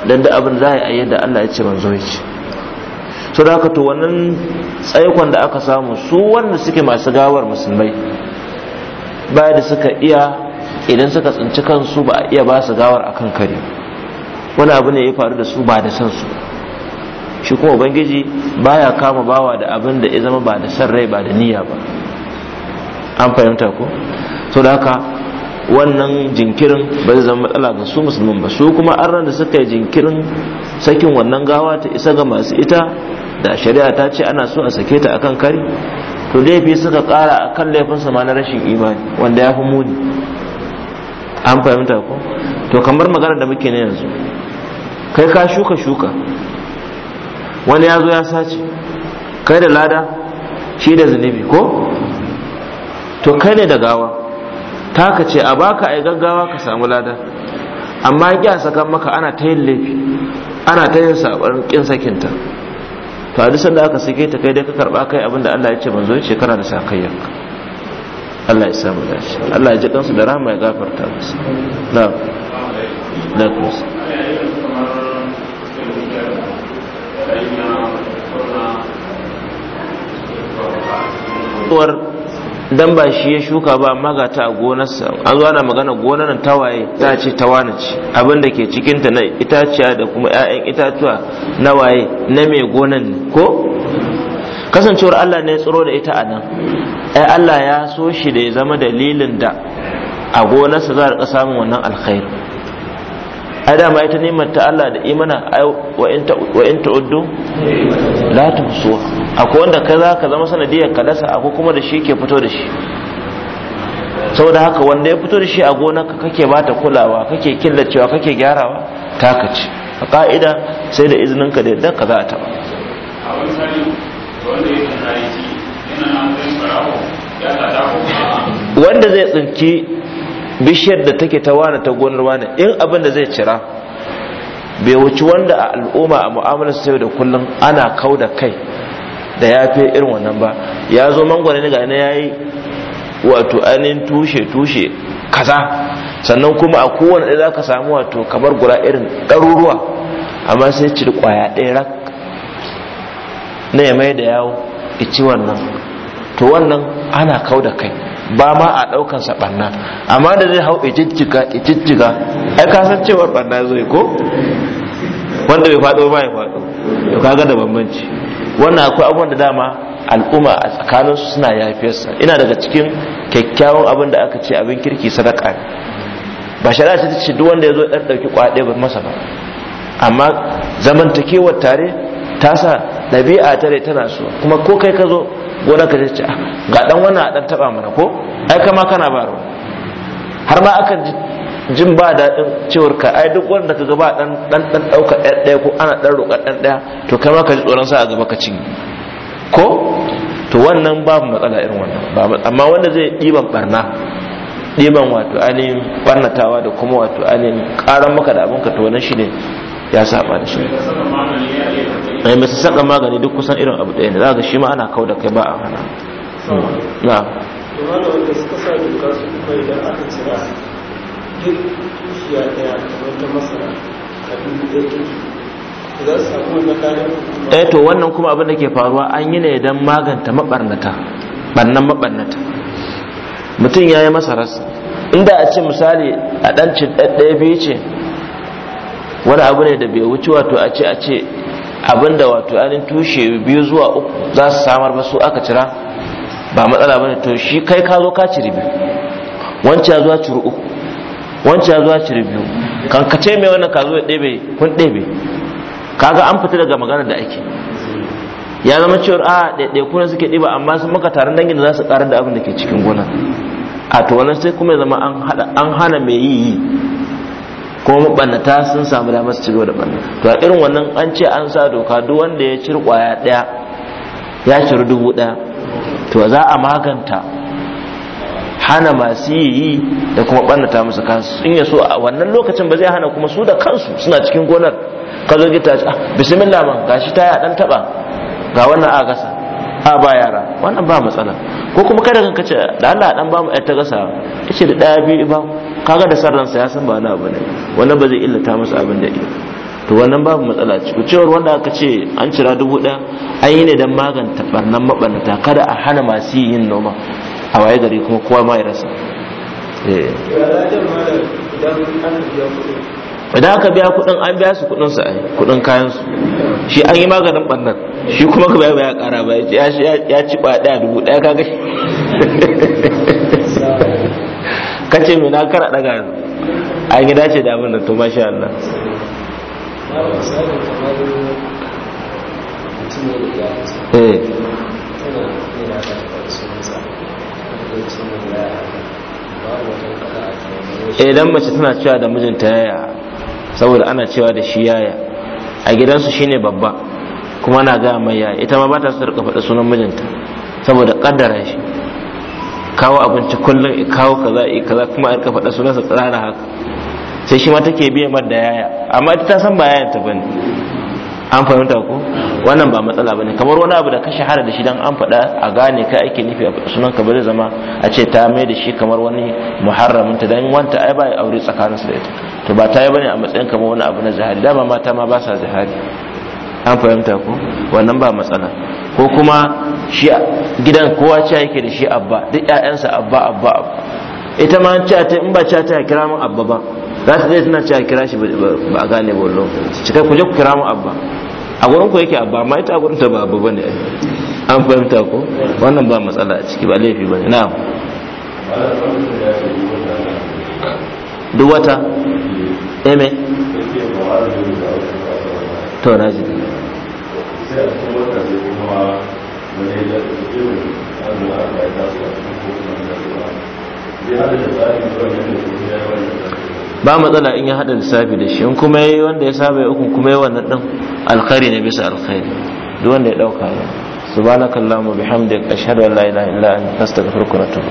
S1: don da abin za a yi yadda allah ya ce manzo ya ce so da to wannan tsaikon da aka samu su wanda suke masu gawar musulmai baya da suka iya idan suka tsinci kansu ba a iya ba su gawar akan kare wani abu ne ya faru da su ba da san su shi kuma ubangiji baya kama bawa da abin da ya zama ba da san rai ba da niyya ba an fahimta ko to da haka wannan jinkirin ba zai zama matsala ga su musulman ba su kuma an ran da suka yi jinkirin sakin wannan gawa ta isa ga masu ita da shari'a ta ce ana so a sake ta akan kari to laifi suka kara akan laifin ma na rashin imani wanda ya fi muni an fahimta ko to kamar magana da muke ne yanzu kai ka shuka shuka wani ya zo ya sace kai da lada shi da zunubi ko to kai ne da gawa ta ka ce a baka ai gaggawa ka samu lada amma ya sakan maka ana ta yin laifi ana ta yin saɓar ƙin sakinta to a duk sanda aka sake ta kai dai ka karba kai abinda Allah ya ce manzo ya Kana da sakayyar Allah ya samu dace Allah ya ji kansu da rahama ya gafarta musu na na kusa uwar dan ba shi ya shuka ba amma ga ta a gonarsa an zo ana magana gonar nan tawaye ta ce wani ce abin da ke cikin ta na itaciya da kuma ƴaƴan itatuwa na waye na mai gonan ne ko kasancewar Allah ne ya tsiro da ita anan? nan ai Allah ya so shi da ya zama dalilin da a gonarsa za a rika samun wannan alkhairi ai dama ita neman ta Allah da imana ai wa in ta wa in ta'uddu la tuhsuha akwai wanda ka za ka zama sanadiyar ka dasa akwai kuma da shi ke fito da shi saboda haka wanda ya fito da shi a gonar ka kake bata kulawa kake killacewa kake gyarawa ka ci. a ka'ida sai da izinin ka da yadda ka za a taba wanda zai tsinci. bishiyar da take ta wane ta gonar wane in abin da zai cira bai wuci wanda a al'umma a mu'amalar sayo da kullum ana kau da kai da ya fi irin wannan ba ya zo mangwane ne ga na ya yi wato ainihin tushe tushe kaza sannan kuma a kowane ɗaya za ka samu wato kamar gura irin ɗaruruwa amma sai ciri ƙwaya ɗaya rak na ya mai da yawo wannan to wannan ana kau da kai ba ma a ɗaukansa ɓanna amma da zai hau ijijjiga ijijjiga ai ka san cewar ɓanna zai ko wanda bai faɗo ba ya faɗo to kaga da bambanci wannan akwai abubuwan da dama al'umma a tsakanin su suna yafiyarsa ina daga cikin kyakkyawan abin da aka ce abin kirki sadaka ba shari'a ce ta ce duk wanda ya zo ɗan ɗauki kwaɗe ba masa ba amma zamantakewar tare ta sa ɗabi'a tare tana so kuma ko kai ka zo gona ka ce ah, ga dan wannan dan taba mana ko ai kama kana baro har ma aka jin ba daɗin cewar ka ai duk wanda ka gaba dan dan dan dauka ɗaya ko ana dan roƙa ɗan ɗaya to kai ma ka ji tsoron sa a gaba ka ci ko to wannan babu matsala irin wannan amma wanda zai ɗiban barna ɗiban wato ainihin barnatawa da kuma wato ainihin ƙaran maka da abinka to wannan ne. ya saba da shi mai masu saka magani duk kusan irin abu ɗaya ne za ga shi ma ana kau da kai ba a hana na eh to wannan kuma abin da ke faruwa an yi ne don maganta maɓarnata, ɓannan maɓarnata. mutum ya yi masaras inda a ce misali a ɗan ɗaya biyu ce wani abu ne da bai wuce wato a ce a ce abinda wato ainihin tushe biyu zuwa uku za su samar ba su aka cira ba matsala bane to shi kai ka zo ka ciri biyu wancan zuwa ciri uku wancan zuwa ciri biyu kankace mai wannan ka zo ya ɗebe kun ɗebe kaga an fita daga maganar da ake ya zama cewar a ah, ɗaiɗaiku kuna suke ɗiba amma sun maka taron dangin da za su ƙarar da abin da ke cikin gona a to wannan sai kuma ya zama an hana mai yi yi ko mabannata sun samu damar su cigaba da banna to a irin wannan an ce an sa doka duk wanda ya ciri kwaya daya ya ciri dubu daya to za a maganta hana masu yi da kuma bannata musu kansu in ya so a wannan lokacin ba zai hana kuma su da kansu suna cikin gonar ka zo gita ah bismillah man gashi ta ya dan taba ga wannan a gasa a ba yara wannan ba matsala ko kuma kada kan kace da Allah dan ba mu ta gasa yace da daya biyu ba kaga da san ransa ya san ba wani abu ne wannan ba zai illata masa abin da yake to wannan babu matsala ce ku cewar wanda aka ce an cira dubu ɗaya an yi ne don maganta barnan mabarnata kada a hana masu yin noma a waye gari kuma kowa ma ya rasa eh. idan aka biya kuɗin an biya su kuɗin su ai kuɗin kayan su shi an yi maganin barnan shi kuma ka ba ya ƙara ba ya ci ba ɗaya dubu ɗaya kaga kace me na kara daga yanzu yi gida ce da abin da to masha Allah idan eh. eh, mace tana cewa da mijinta yaya saboda ana cewa da shi yaya a gidansu shine babba kuma na gaya mai yaya ita ma ba ta su rika faɗa sunan mijinta saboda kaddara shi kawo abinci kullum i kawo kaza i kaza kuma a rika faɗa sunansa tsara haka sai shi ma take biya mar da yaya amma ita ta san ba yayan ta bane an fahimta ko wannan ba matsala bane kamar wani abu da ka shahara da shi dan an faɗa a gane kai ake nufi a sunan ka bari zama a ce ta mai da shi kamar wani muharramin ta dan wanta ai ba aure tsakanin su da ita to ba ta yi bane a matsayin kamar wani abu na zahari dama mata ma ba sa zahari an fahimta ko wannan ba matsala ko kuma shi gidan kowa cewa yake da shi abba duk ƴaƴansa abba abba abba ita ma ta in ba cewa ta kira mun abba ba za ta zai tana cewa kira shi ba a gane ba wallo ci kai ku je ku kira mun abba a gurin ku yake abba amma ita a gurin ta ba abba bane an fahimta ko wannan ba matsala a ciki ba laifi bane na'am duk wata eme eh, to na ji ba matsala in ya hada lissafi da shi in kuma ya wanda ya saba ya uku kuma ya wannan ɗin alkhari ne bisa alkhari duk wanda ya ɗauka ne subhanakallahumma bihamdika ashhadu an la ilaha illa anta astaghfiruka wa atubu